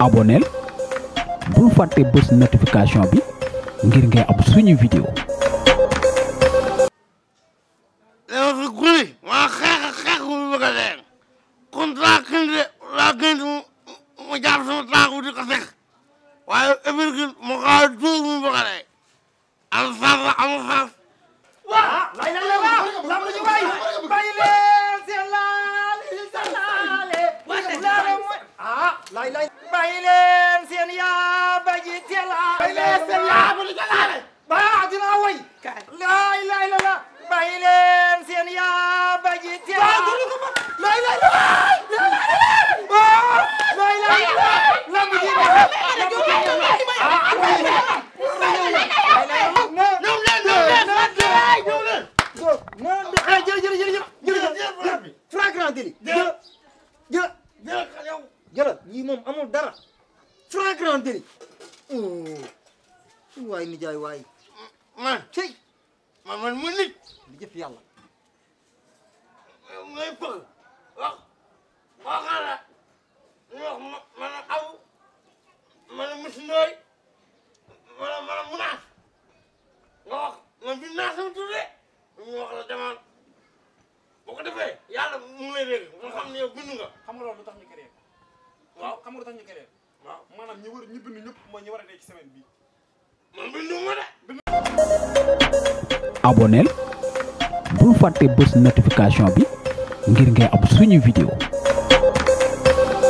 aboneel bul fàtte bés notification bi ngir ngay am suñu vidéo dama fi guni maa xeex xeex bu bëgg a dee kon laa gën laa gën mu jaar sama taaku di ko teg waaye émir gi mu xaw a mu bëgg a am sens la amul sens lay lay bay leen seen yaa ba ji tela bay leen seen yaa ba ji tela ba dina way lay lay la la bay leen seen yaa ba ji tela lay lay la lay lay la mu ji ba Jërëjëf jërëjëf jërëjëf flagrant délit jërëjëf jërëjëf yow jëlal yii moom amul dara flagrant délit oh. waay nijaay waay man tey man man mu nit di jëf yàlla ngay bëgg wax waxal la ñu wax man a aw man a musinooy man a man a munaas nga wax man bi naasam tudde ñu wax la demal boo ko defee yàlla mu nga xam ne yow bind nga xam nga loolu lu tax ñu créé waaw xam nga tax ñu keneen. waaw maanaam ñi war ñi bind bi man bindu ma de. abonneel bi ngir ngay am suñu vidéo.